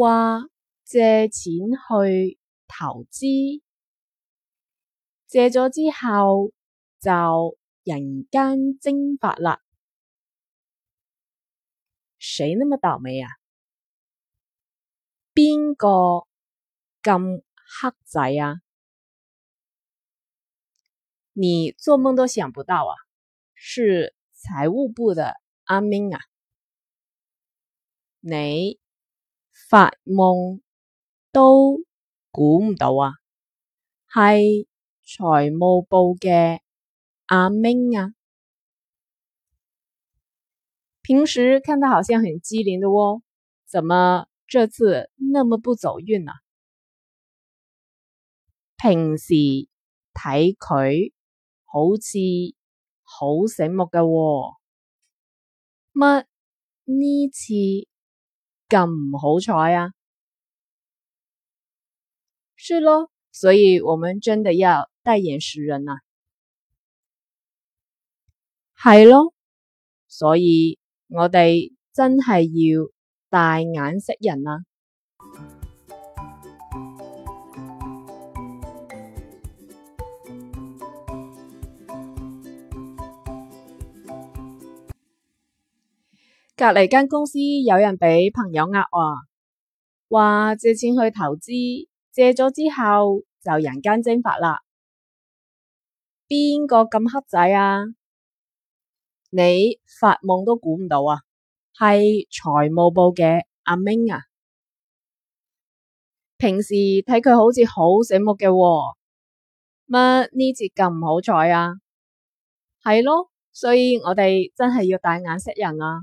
哇，借錢去投資，借咗之後就人間蒸發啦。誰那麼倒霉啊？邊個咁黑仔啊？你做夢都想不到啊！是財務部的阿明啊，你。發夢都估唔到啊，係財務部嘅阿明啊。平時看他好像很機靈的哦，怎麼這次那麼不走運啊？平時睇佢好似好醒目嘅喎，乜呢次？咁唔好彩啊！是咯，所以我們真的要帶眼識人啊，係咯，所以我哋真係要帶眼識人啊。隔籬間公司有人俾朋友呃話，啊，話借錢去投資，借咗之後就人間蒸發啦。邊個咁黑仔啊？你發夢都估唔到啊！係財務部嘅阿明啊，平時睇佢好似好醒目嘅，乜呢次咁唔好彩啊？係、啊、咯，所以我哋真係要帶眼識人啊！